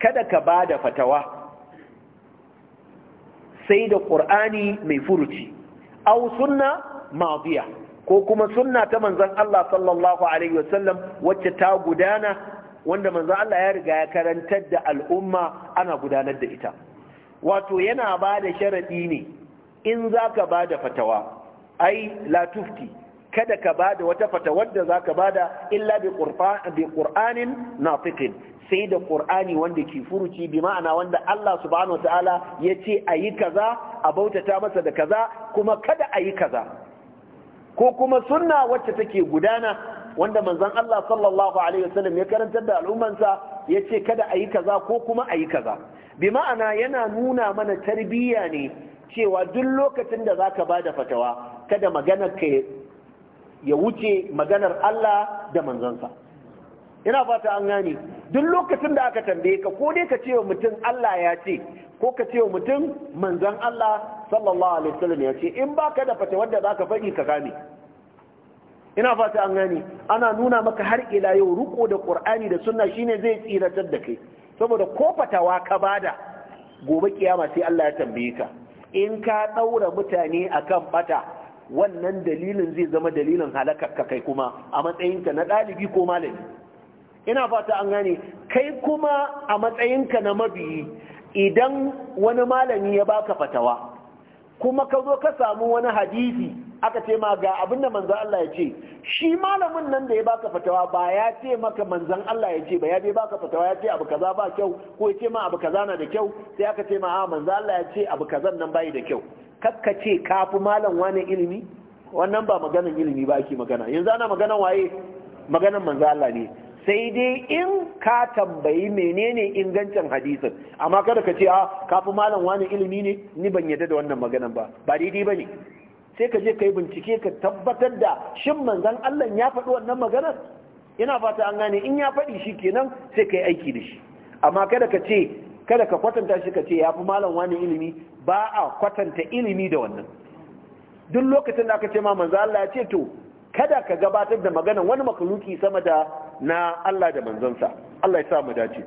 kada ka da fatawa sai da qur'ani mai furuci aw sunna madiya ko kuma sunna ta manzon Allah sallallahu alaihi wasallam wacce ta gudana wanda manzo Allah ya riga ya karantar da al'umma ana gudanar da ita wato yana ba da sharaɗi ne in zaka ba da fatawa ai la tufti kada ka ba da wata fatawar da zaka ba da illa bi ƙur'anin nafiqin sai da ƙur'ani wanda ke furuci bi ma'ana wanda Allah subhanahu ya ce a yi kaza a bautata masa da kaza kuma kada a yi kaza ko kuma sunna wacce take gudana wanda manzon Allah sallallahu alaihi wasallam ya karantar da al'ummansa ya ce kada a yi kaza ko kuma a yi kaza bi ma'ana yana nuna mana tarbiyya ne cewa duk lokacin da za ka ba da fatawa kada maganar ka ya wuce maganar Allah da manzansa ina fata an gane duk lokacin da aka tambaye ka ko dai ka ce wa mutum Allah ya ce ko ka ce wa mutum manzon Allah sallallahu alaihi wasallam ya ce in baka da fata wanda zaka faɗi ka gane ina fata an gani. ana nuna maka har ila yau riko da qur'ani da sunna shine zai tsiratar da kai saboda ko fatawa ka bada gobe kiyama sai Allah ya tambaye ka in ka daura mutane akan bata wannan dalilin zai zama dalilin halakar ka kai kuma a matsayinka na ɗalibi ko malami ina fata an gani. kai kuma a matsayinka na mabiyi idan wani malami ya baka fatawa kuma ka zo ka samu wani hadisi aka ce ma ga abin da manzan Allah ya ce shi malamin nan da ya baka fatawa ba ya ce maka manzan Allah ya ce ba ya je baka fatawa ya ce abu kaza ba kyau ko ya ce ma abu kaza na da kyau sai aka ce ma a manzan Allah ya ce abu kazan nan bai da kyau kakka ce kafi malam wani ilimi wannan ba maganan ilimi ba ake magana yanzu ana maganan waye maganan manzan Allah ne sai dai in ka tambayi menene ingancin hadisin amma kada ka ce a kafi malam wani ilimi ne ni ban yadda da wannan maganan ba ba daidai ba ne sai ka je ka yi bincike ka tabbatar da shin manzan Allah ya faɗi wannan maganar ina fata an gane in ya faɗi shi kenan sai ka yi aiki da shi amma kada ka ce kada ka kwatanta shi ka ce ya fi malam wani ilimi ba a kwatanta ilimi da wannan duk lokacin da aka ce ma manzan Allah ya ce to kada ka gabatar da magana wani makaluki sama da na Allah da manzansa Allah ya sa mu dace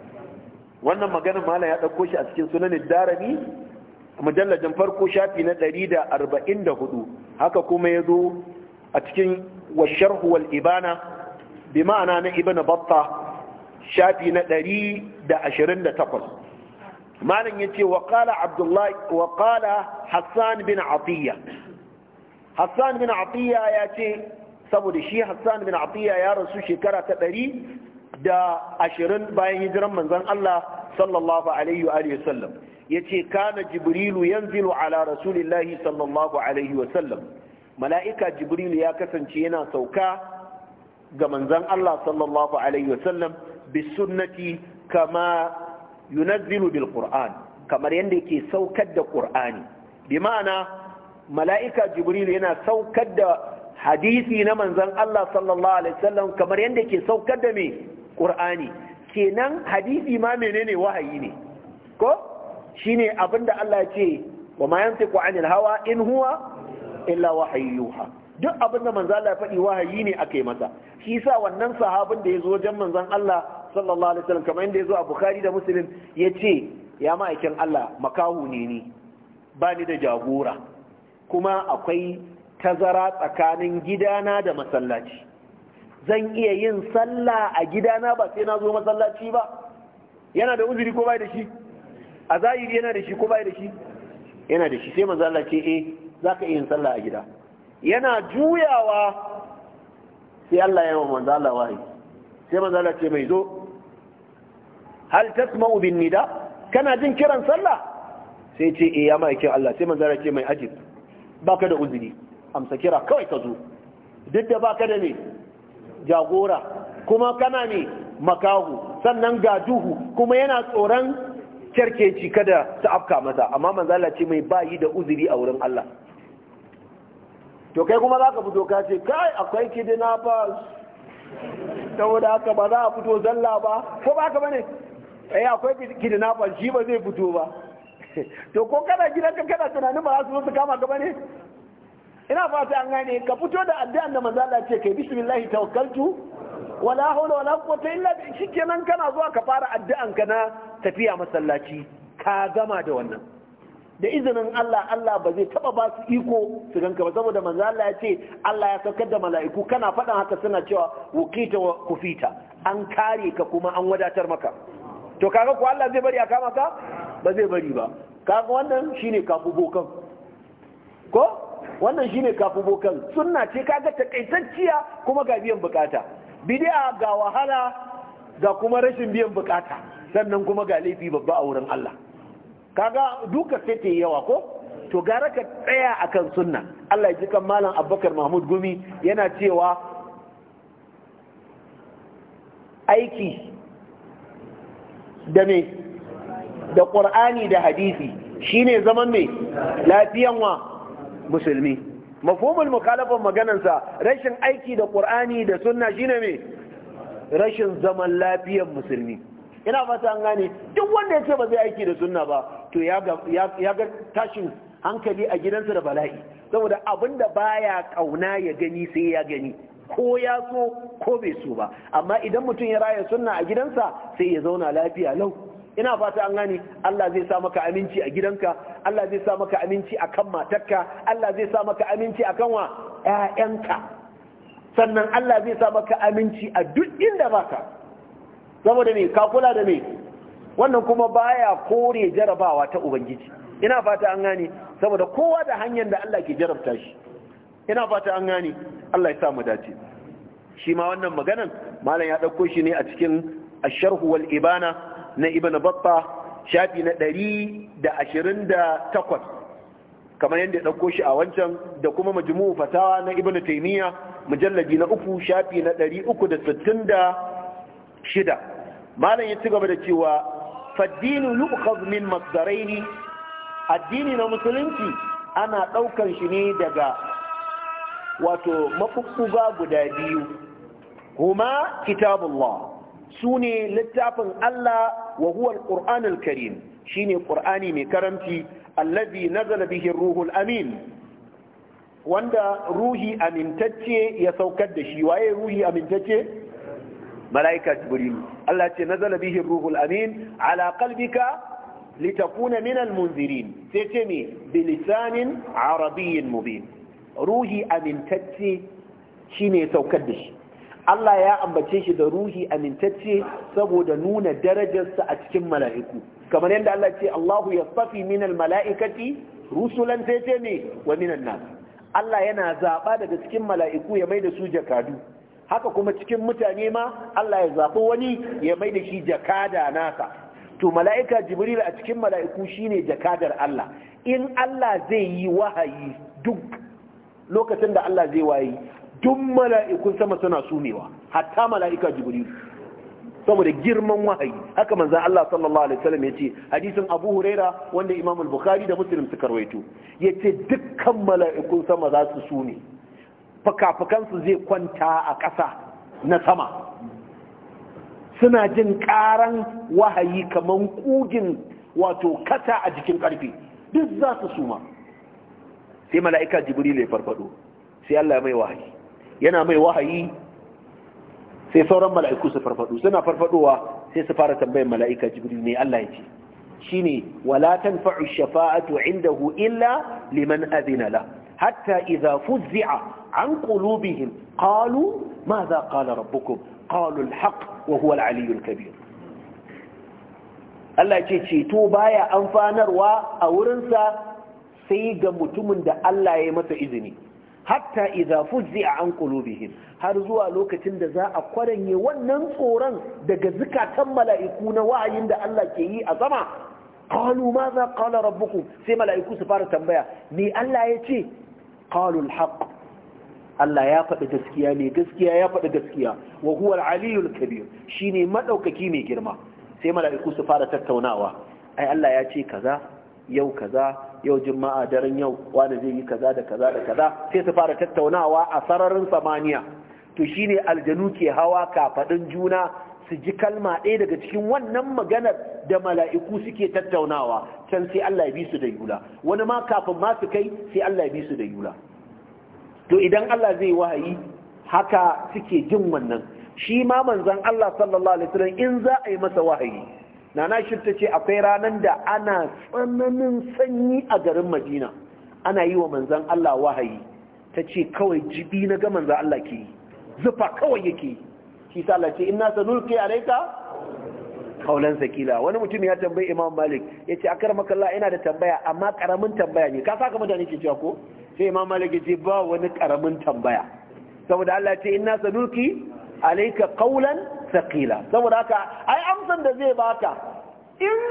wannan magana malam ya ɗauko shi a cikin sunanin darami mujalladin farko shafi na 144 haka kuma ya zo a cikin washarhu ibana bi ma'ana na ibn batta shafi na 128 malam yace wa qala abdullahi wa hassan bin atiya hassan bin ya yace saboda shi hassan bin atiya ya rasu shekara ta ɗari da ashirin bayan hijiran manzon Allah sallallahu alaihi wa sallam ya ce kana jibrilu yanzilu ala rasulillahi sallallahu alaihi wa sallam mala'ika jibrilu ya kasance yana sauka ga manzon Allah sallallahu alaihi wa sallam bi sunnati kama yunazzilu bil qur'an kamar yadda yake saukar da qur'ani bi ma'ana mala'ika jibrilu yana saukar da hadisi na manzon Allah sallallahu alaihi wasallam kamar yadda ke saukar da me Qur'ani kenan hadisi ma menene wahayi ne ko shine abinda Allah ya ce wa ma yantiqu anil hawa in huwa illa yuha. duk abinda manzon Allah ya faɗi wahayi ne akai masa shi yasa wannan sahabin da ya zo wajen manzon Allah sallallahu alaihi wasallam kamar yadda yazo a Bukhari da Muslim ce ya ma'aikin Allah makahu ne ni ba ni da jagora kuma akwai tazara tsakanin gidana da masallaci zan iya yin sallah a gidana ba sai na zo masallaci ba yana da uzuri ko bai da shi a zahiri yana da shi ko bai da shi yana da shi sai manzo ce eh zaka iya yin sallah a gida yana juyawa sai Allah ya yi manzo Allah wahayi sai manzo ce mai zo hal tasma'u bin nida kana jin kiran sallah sai ce eh ya ma'aikin Allah sai manzo ce mai ajib baka da uzuri amsa kira kawai ka zo duk da baka da ne jagora kuma kana ne makahu sannan ga duhu kuma yana tsoron kyarkeci kada ta afka masa amma manzala ce mai bayi da uzuri a wurin Allah to kai kuma za ka fito ka ce kai akwai kidina ba saboda haka ba za a fito zalla ba ko ba ka bane eh akwai kidina ba shi ba zai fito ba to ko kana gidanka kana tunanin ba za su zo su kama ka bane ina fata an gane ka fito da addu'an da manzo Allah ce kai bismillahi tawakkaltu wala hawla wala quwwata illa billah shikenan kana zuwa ka fara addu'an ka na tafiya masallaci ka gama da wannan da izinin Allah Allah ba zai taba ba su iko su ganka ba saboda manzo Allah ya ce Allah ya saukar da mala'iku kana faɗan haka suna cewa wukita wa kufita an kare ka kuma an wadatar maka to kaga ko Allah zai bari a kama ka ba zai bari ba kaga wannan shine kafu bokan ko wannan shine kafin bokan sunna ce kaga takaitacciya kuma ga biyan bukata bid'a ga wahala ga kuma rashin biyan bukata sannan kuma ga laifi babba a wurin Allah kaga duka sai ta yawa ko to gara ka tsaya akan sunna Allah ya ji kan malam Abubakar Mahmud Gumi yana cewa aiki da me da Qur'ani da hadisi shine zaman mai lafiyan musulmi mafhumul mukhalafan maganansa rashin aiki da qur'ani da sunna shine me rashin zaman lafiyar musulmi ina fata an gane duk wanda ya ce ba zai aiki da sunna ba to ya ga tashin hankali a gidansa da bala'i saboda abin da baya kauna ya gani sai ya gani ko ya so ko bai so ba amma idan mutum ya raya sunna a gidansa sai ya zauna lafiya lau ina fata an gani. Allah zai sa maka aminci a gidanka Allah zai sa maka aminci a kan matarka Allah zai sa maka aminci a wa ƴaƴanka sannan Allah zai sa maka aminci a duk inda baka saboda me ka kula da me wannan kuma baya kore jarabawa ta ubangiji ina fata an gani saboda kowa da hanyar da Allah ke jarabta shi ina fata an gani. Allah ya sa mu dace shi ma wannan maganan malam ya ɗauko shi ne a cikin asharhu wal ibana na ibn batta shafi na 128 kamar yadda ya ɗauko shi a wancan da kuma majmu'u fatawa na ibn taymiya mujallabi na uku shafi na 366 malam ya ci gaba da cewa faddinu yu'khadh min masdaraini addini na musulunci ana ɗaukar shi ne daga wato mafuffuga guda biyu huma kitabullah su ne littafin Allah wa huwa al al-Karim shine Qur'ani mai karamci allazi nazala bihi ruhul amin wanda ruhi amintacce ya saukar da shi waye ruhi amintacce malaika jibril Allah ce nazala bihi ruhul amin ala qalbika litakuna min al-munzirin sai ce me bilisanin arabiyyin mubin ruhi amintacce shine saukar da shi Allah ya ambace shi da ruhi amintacce saboda nuna darajarsa a cikin mala'iku kamar yadda Allah ce Allahu yastafi minal mala'ikati rusulan sai ne wa minan nas Allah yana zaba daga cikin mala'iku ya mai da su jakadu haka kuma cikin mutane ma Allah ya zaɓi wani ya mai da shi jakada naka to mala'ika jibril a cikin mala'iku shine jakadar Allah in Allah zai yi wahayi duk lokacin da Allah zai wayi duk mala'ikun sama suna sumewa hatta mala'ika jibrilu saboda girman wahayi haka manzan Allah sallallahu alaihi wasallam ya ce hadisin Abu Huraira wanda Imam al Bukhari da Muslim su karwaito ya ce dukkan mala'ikun sama za su sume fakafakansu zai kwanta a ƙasa na sama suna jin ƙaran wahayi kamar ƙugin wato kata a jikin ƙarfi duk za su suma sai mala'ika Jibril ya farfado sai Allah mai wahayi yana mai wahayi sai sauran mala'iku su farfadu suna farfaduwa sai su fara tambayin mala'ika jibril ne Allah ya ce shine wala tanfa'u shafa'atu indahu illa liman adhina la hatta idza fuz'a an qulubihim qalu madha qala rabbukum qalu al wa huwa al-'aliyyul kabir Allah ce ceto baya amfanarwa a wurinsa sai ga mutumin da Allah ya masa izini hatta idza a an qulubihim har zuwa lokacin da za a kwaranye wannan tsoron daga zukatan mala'iku na wa'ayin da Allah ke yi a sama qalu madha qala rabbukum sai mala'iku su fara tambaya me Allah ya ce qalu al Allah ya faɗi gaskiya ne gaskiya ya faɗi gaskiya wa huwa aliyul kabir shine madaukaki mai girma sai mala'iku su fara tattaunawa ai Allah ya ce kaza yau kaza yau juma'a daren yau wani zai yi kaza da kaza da kaza sai su fara tattaunawa a sararin samaniya to shine aljanu ke hawa kafadin juna su ji kalma ɗaya daga cikin wannan maganar da mala'iku suke tattaunawa can sai Allah ya bi su da yula wani ma kafin ma su kai sai Allah ya bi su da yula to idan Allah zai wahayi haka suke jin wannan shi ma manzon Allah sallallahu alaihi wasallam in za a yi masa wahayi nana ta ce akwai ranar da ana tsananin sanyi a garin madina ana yi wa manzan Allah wahayi ta ce kawai jibi na ga manzan Allah ke yi zufa kawai yake shi sa Allah ce inna sanulqi alayka qawlan sakila wani mutum ya tambayi Imam Malik Ya ce akar makalla ina da tambaya amma karamin tambaya ne ka saka mutane ke cewa ko sai Imam Malik ya ce ba wani karamin tambaya saboda Allah ya ce inna a alayka qawlan thaqila saboda haka ai amsan da zai baka in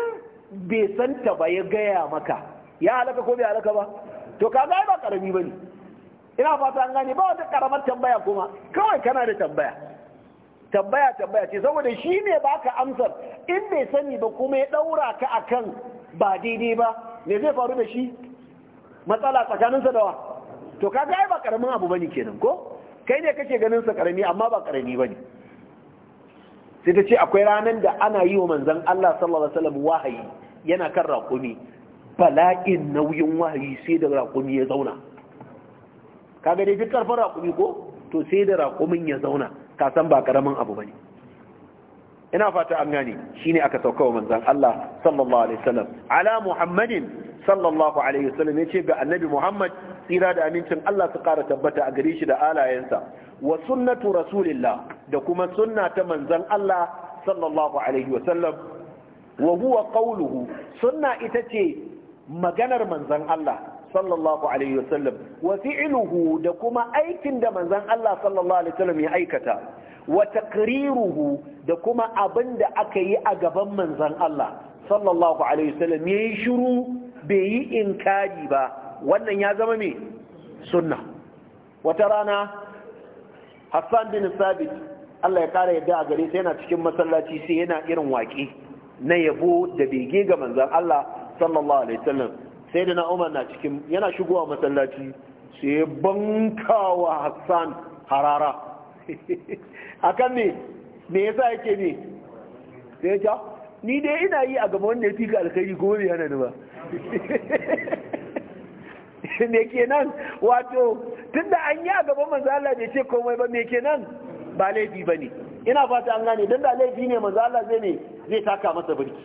bai santa ba ya gaya maka ya halaka ko bai halaka ba to kaga ai ba karami bane ina fata an gane ba wata karamar tambaya kuma kawai kana da tambaya tambaya tambaya ce saboda shi ne baka amsar in bai sani ba kuma ya ɗaura ka akan ba daidai ba me zai faru da shi matsala tsakaninsa da wa to kaga ai ba karamin abu bane kenan ko kai ne kake ganin sa karami amma ba karami bane sai ta ce akwai ranar da ana yi wa manzan Allah sallallahu alaihi wasallam wahayi yana kan raƙumi bala'in nauyin wahayi sai da raƙumi ya zauna kaga dai duk karfin raƙumi ko to sai da raƙumin ya zauna ka san ba karamin abu bane ina fata an gane shine aka sauka wa manzan Allah sallallahu alaihi wasallam ala muhammadin sallallahu alaihi wasallam yace ga annabi muhammad tsira da amincin Allah su ƙara tabbata a gare shi da alayensa wa sunnatu rasulillah da kuma sunna ta manzan Allah sallallahu alaihi wa sallam wa huwa qawluhu sunna ita ce maganar manzan Allah sallallahu alaihi wa wa fi'luhu da kuma aikin da manzan Allah sallallahu alaihi wa ya aikata wa takriruhu da kuma abin da aka yi a gaban manzan Allah sallallahu alaihi wa sallam yayi shiru bai yi inkari ba wannan ya zama me sunna wata rana Hassan bin Sabit Allah ya kara yadda a gare sai yana cikin masallaci sai yana irin waƙi na yabo da bege ga manzan Allah sallallahu alaihi wasallam sai da na Umar na cikin yana shigowa masallaci sai ya bankawa Hassan harara akan ne me yasa yake ne sai ya ah, ni dai ina yi a gaba wanda ya fika alkhairi ko bai hana ni ba me kenan wato tunda an yi a gaban manzo Allah bai ce komai ba me kenan ba laifi ba ne ina fata an gane don da laifi ne manzo Allah zai ne zai taka masa birki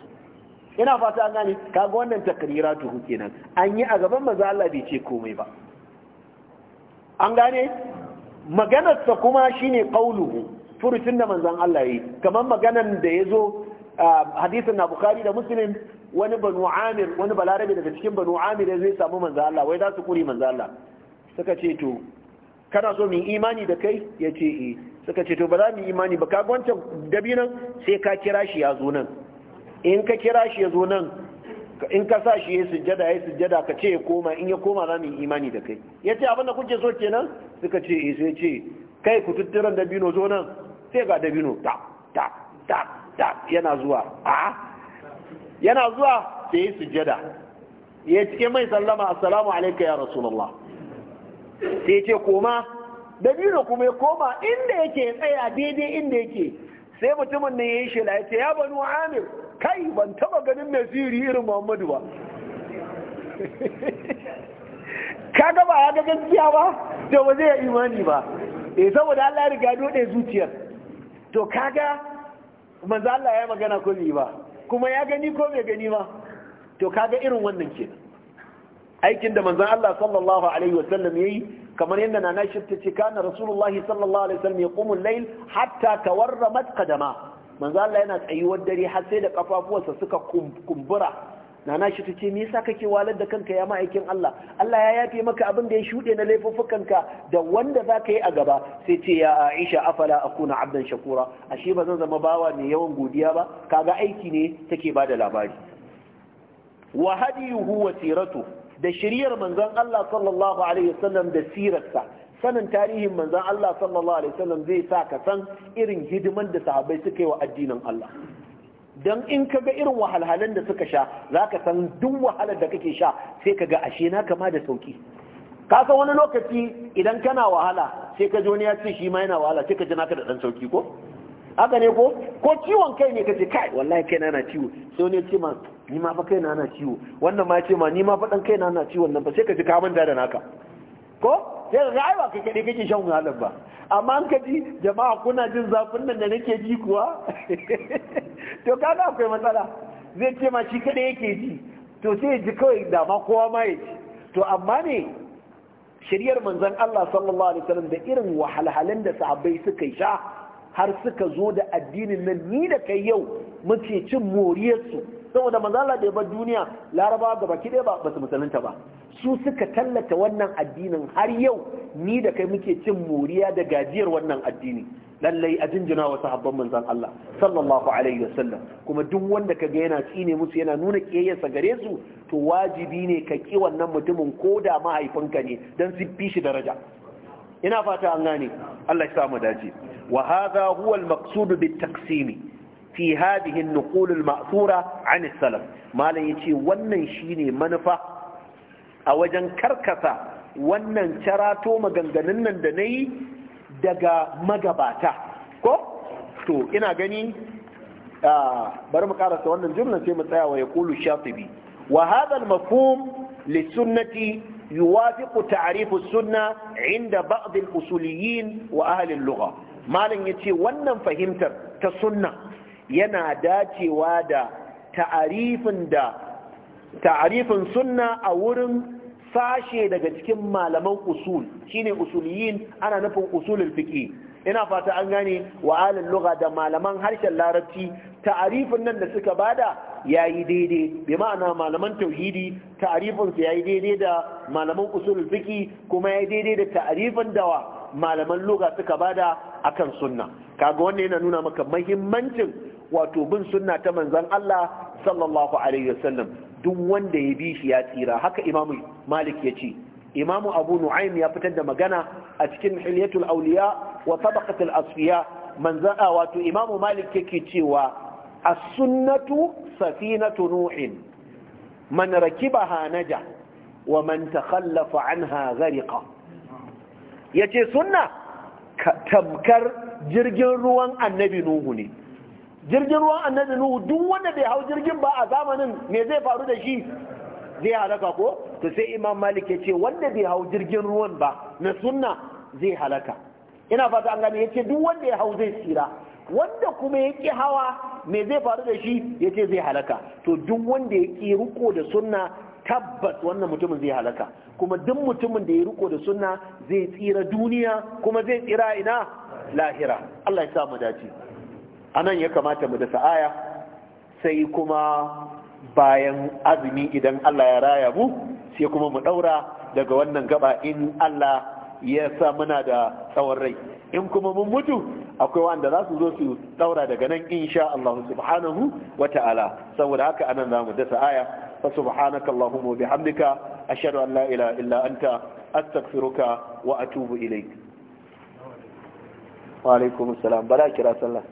ina fata an gane kaga wannan takrira tuhu kenan an yi a gaban manzo Allah bai ce komai ba an gane maganarsa kuma shine qauluhu furucin da manzon Allah yi kamar maganar da yazo hadisin na Bukhari da Muslim wani banu Amir wani balarabe daga cikin banu Amir ya zai samu manzo Allah wai za su kuri manzo Allah suka ce to kana so mu imani da kai ce eh suka ce to ba za mu yi imani ba kaga wancan dabinan sai ka kira shi ya zo nan in ka kira shi ya zo nan in ka sa shi ya sujjada ya sujjada ka ce ya koma in ya koma za mu yi imani da kai ya ce abin da kuke so kenan suka ce eh sai ce kai ku tutturan dabino zo nan sai ga dabino ta ta ta ta yana zuwa a yana zuwa sai ya sujjada ya cike mai sallama assalamu alaika ya rasulullah sai ce koma dabino kuma ya koma inda yake tsaya daidai inda yake sai mutumin nan ya yi shela ya ce ya banu amir kai ban taba ganin mai siri irin muhammadu ba ka gaba ya ga gaskiya ba to ba zai imani ba E saboda Allah ya riga dode zuciyar to kaga manzo Allah ya magana ko bai ba kuma ya gani ko bai gani ba to kaga irin wannan ke? aikin da manzon Allah sallallahu alaihi wasallam yayi kamar yadda na na shirta ce kana rasulullahi sallallahu alaihi wasallam ya al lail hatta tawarramat qadama manzo Allah yana tsayuwar dare har sai da kafafuwarsa suka kumbura nana na ta ce me yasa kake walar da kanka ya ma'aikin Allah Allah ya yafe maka abin da ya shuɗe na laifuffukanka da wanda za ka yi a gaba sai ce ya Aisha afala akuna abdan shakura ashe ba zan zama bawa mai yawan godiya ba kaga aiki ne take ba da labari wa hadiyuhu wa siratu da shiriyar manzon Allah sallallahu alaihi wasallam da sirarsa sanin tarihin manzon Allah sallallahu alaihi wasallam zai sa ka san irin hidiman da sahabai suka yi wa addinin Allah Don in ka ga irin wahalhalan da suka sha za ka san duk wahalar da kake sha sai ka ga ashe na kama da sauki ka san wani lokaci idan kana wahala sai ka ji wani ya ce shi ma yana wahala sai ka ji naka da dan sauki ko haka ne ko ko ciwon kai ne kace kai wallahi kai na ciwo sai wani ya ce ma ni ma fa kaina na ciwo wannan ma ce ma ni ma fa dan kaina na ciwon nan ba sai ka ji ka manta da naka ko sai ga ai ba kai kake shan wahalar ba amma an ka jama'a kuna jin zafin nan da nake ji kuwa to kaga akwai matsala zai ce ma shi kadai yake ji to sai ji kawai da ma kowa ma ya ji to amma ne shiryar manzon Allah sallallahu alaihi wasallam da irin wahalhalun da sahabbai suka sha har suka zo da addinin nan ni da kai yau muke cin moriyarsu saboda manzala da bar duniya laraba ga baki ɗaya ba basu musulunta ba su suka tallata wannan addinin har yau ni da kai muke cin moriya da gajiyar wannan addini lallai a jinjina wasu habban manzan Allah sallallahu alaihi wasallam kuma duk wanda ka kaga yana tsine musu yana nuna kiyayyarsa gare su to wajibi ne ka ki wannan mutumin ko da mahaifinka ne don su fi shi daraja ina fata an gane Allah ya samu dace wa hadha huwa al-maqsud bit taqsim fi hadhihi an-nuqul al-ma'thura 'an as-salaf malan yace wannan shine manufa a wajen karkasa wannan carato maganganun nan da nayi daga magabata ko to ina gani bari mu karasa wannan jumlan sai mu tsaya wa yaqulu shatibi wa hadha al-mafhum lis-sunnati yuwafiqu ta'rifu sunna inda ba'd al-usuliyyin wa ahli al-lugha malam yace wannan fahimtar ta sunna yana dacewa da ta'arifin da ta'arifin sunna a wurin sashe daga cikin malaman usul shine usuliyin ana nufin usulul fiqi ina fata an gane wa alin lugha da malaman harshen larabci ta'arifin nan da suka bada yayi daidai bi ma'ana malaman tauhidi ta'arifin su yayi daidai da malaman usul fiqi kuma yayi daidai da ta'arifin dawa malaman lugha suka bada akan sunna kaga wannan yana nuna maka muhimmancin wato bin sunna ta manzon Allah sallallahu alaihi wasallam duk wanda ya bi shi ya tsira haka Imam Malik ya ce Imam Abu Nu'aym ya fitar da magana a cikin Hilyatul Awliya wa Tabaqatul Asfiya manzon wato Imam Malik yake cewa as-sunnatu safinatu nuhin man rakibaha naja wa man takhallafa anha ghariqa yace sunna tamkar jirgin ruwan annabi nuhu ne jirgin ruwan annabi nuhu duk wanda bai hau jirgin ba a zamanin me zai faru da shi zai halaka ko to sai imam malik ya ce wanda bai hau jirgin ruwan ba na sunna zai halaka ina fata an gane ya ce duk wanda ya hau zai tsira wanda kuma ya ƙi hawa me zai faru da shi ya ce zai halaka to duk wanda ya ƙi riko da sunna tabbas wannan mutumin zai halaka kuma duk mutumin da ya riko da sunna zai tsira duniya kuma zai tsira ina lahira Allah ya sa mu dace anan ya kamata mu da sa'aya, sai kuma bayan azumi idan Allah ya raya mu sai kuma mu daura daga wannan gaba in Allah ya sa muna da tsawon rai in kuma mun mutu akwai wanda za su zo su daura daga nan insha Allah subhanahu wa ta'ala saboda haka anan zamu dasa aya fa subhanaka allahumma wa bihamdika ashhadu an la ilaha illa anta astaghfiruka wa atubu ilayk wa alaikum assalam bala kira sallah